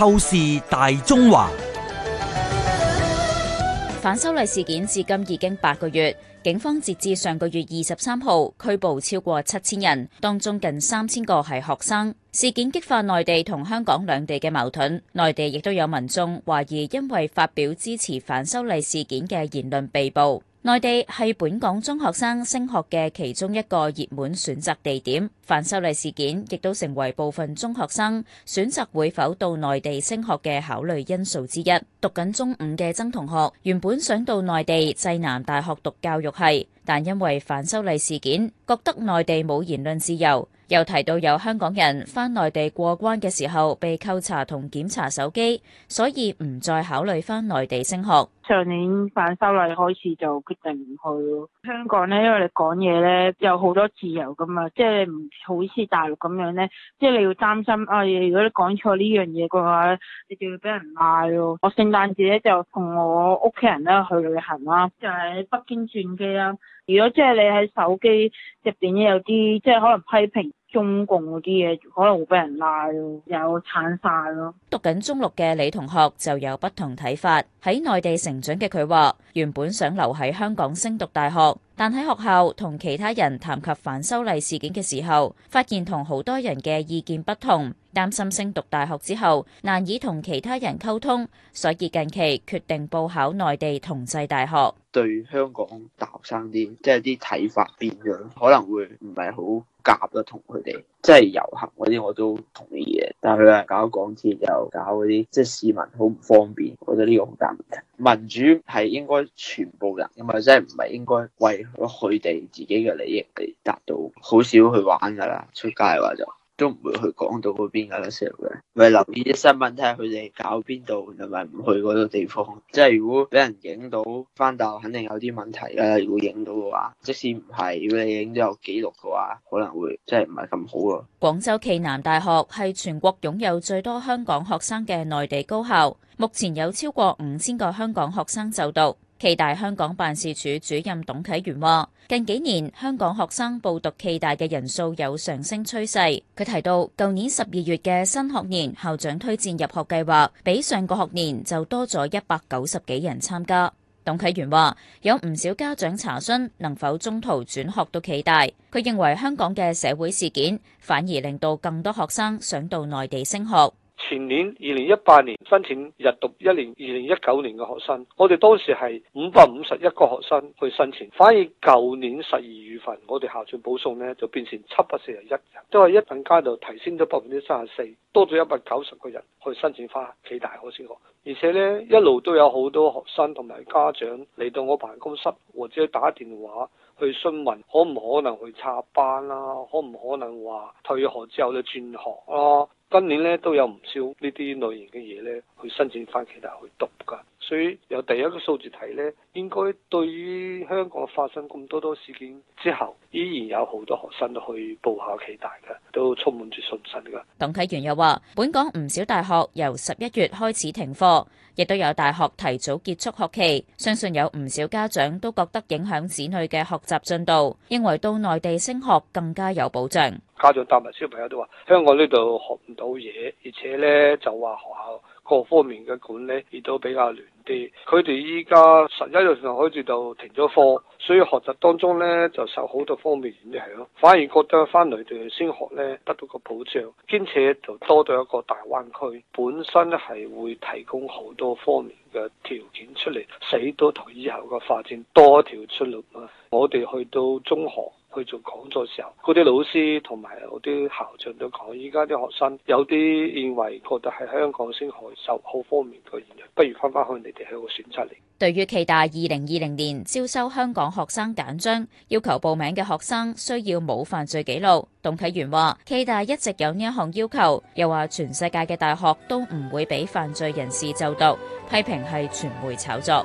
透視大中華。反修例事件至今已經八個月，警方截至上個月二十三號拘捕超過七千人，當中近三千個係學生。事件激發內地同香港兩地嘅矛盾，內地亦都有民眾懷疑因為發表支持反修例事件嘅言論被捕。內地係本港中學生升學嘅其中一個熱門選擇地點，反修例事件亦都成為部分中學生選擇會否到內地升學嘅考慮因素之一。讀緊中五嘅曾同學原本想到內地暨南大學讀教育系，但因為反修例事件，覺得內地冇言論自由，又提到有香港人返內地過關嘅時候被扣查同檢查手機，所以唔再考慮返內地升學。上年反修例開始就決定唔去咯。香港咧，因為你講嘢咧有好多自由噶嘛，即係唔好似大陸咁樣咧，即係你要擔心啊！如果你講錯呢樣嘢嘅話，你就要俾人鬧咯。我聖誕節咧就同我屋企人咧去旅行啦，就喺北京轉機啦。如果即係你喺手機入邊有啲即係可能批評中共嗰啲嘢可能會俾人拉咯，有慘晒咯。讀緊中六嘅李同學就有不同睇法。喺內地成長嘅佢話：原本想留喺香港升讀大學。但喺學校同其他人談及反修例事件嘅時候，發現同好多人嘅意見不同，擔心升讀大學之後難以同其他人溝通，所以近期決定報考內地同濟大學。對香港大學生啲即係啲睇法變樣，可能會唔係好夾得同佢哋。即係遊行嗰啲我都同意嘅，但係佢哋搞港鐵又搞嗰啲，即係市民好唔方便，我覺得呢個好大問題。民主係應該全部人，因為即係唔係應該為咗佢哋自己嘅利益嚟達到？好少去玩㗎啦，出街嘅話就。都唔會去港島嗰邊嘅時候嘅，咪留意啲新聞睇下佢哋搞邊度，又咪唔去嗰個地方。即係如果俾人影到返大陸肯定有啲問題噶。如果影到嘅話，即使唔係，如果你影咗有記錄嘅話，可能會即係唔係咁好咯。廣州暨南大學係全國擁有最多香港學生嘅內地高校，目前有超過五千個香港學生就讀。暨大香港辦事處主任董啟源話，近幾年香港學生報讀暨大嘅人數有上升趨勢，佢提到，舊年十二月嘅新學年校長推薦入學計劃比上個學年就多咗一百九十幾人參加。董啟源話有唔少家長查詢能否中途轉學到暨大。佢認為香港嘅社會事件反而令到更多學生想到內地升學。前年二零一八年申請入讀一年，二零一九年嘅學生，我哋當時係五百五十一個學生去申請，反而舊年十二月份我哋校長保送呢就變成七百四十一人，都係一陣間就提升咗百分之三十四，多咗一百九十個人去申請翻暨大可升學，而且呢，一路都有好多學生同埋家長嚟到我辦公室或者打電話去詢問，可唔可能去插班啦、啊？可唔可能話退學之後咧轉學啦、啊？今年咧都有唔少呢啲類型嘅嘢咧，去申請翻其他去讀㗎。所以有第一個數字睇呢，應該對於香港發生咁多多事件之後，依然有好多學生去報考暨大嘅，都充滿住信心㗎。董啟源又話，本港唔少大學由十一月開始停課，亦都有大學提早結束學期。相信有唔少家長都覺得影響子女嘅學習進度，認為到內地升學更加有保障。家長帶埋小朋友都話，香港呢度學唔到嘢，而且呢就話學校各方面嘅管理亦都比較亂。佢哋依家十一月份開始就停咗課，所以學習當中呢就受好多方面影響，反而覺得翻嚟對先學呢，得到個保障，兼且就多到一個大灣區本身係會提供好多方面嘅條件出嚟，使到同以後嘅發展多一條出路啊！我哋去到中學。去做講座時候，嗰啲老師同埋有啲校長都講，依家啲學生有啲認為覺得係香港先可受好方面嘅原因，不如翻翻去你哋係一個選擇嚟。對於暨大二零二零年招收香港學生簡章，要求報名嘅學生需要冇犯罪記錄，董啟源話暨大一直有呢一項要求，又話全世界嘅大學都唔會俾犯罪人士就讀，批評係傳媒炒作。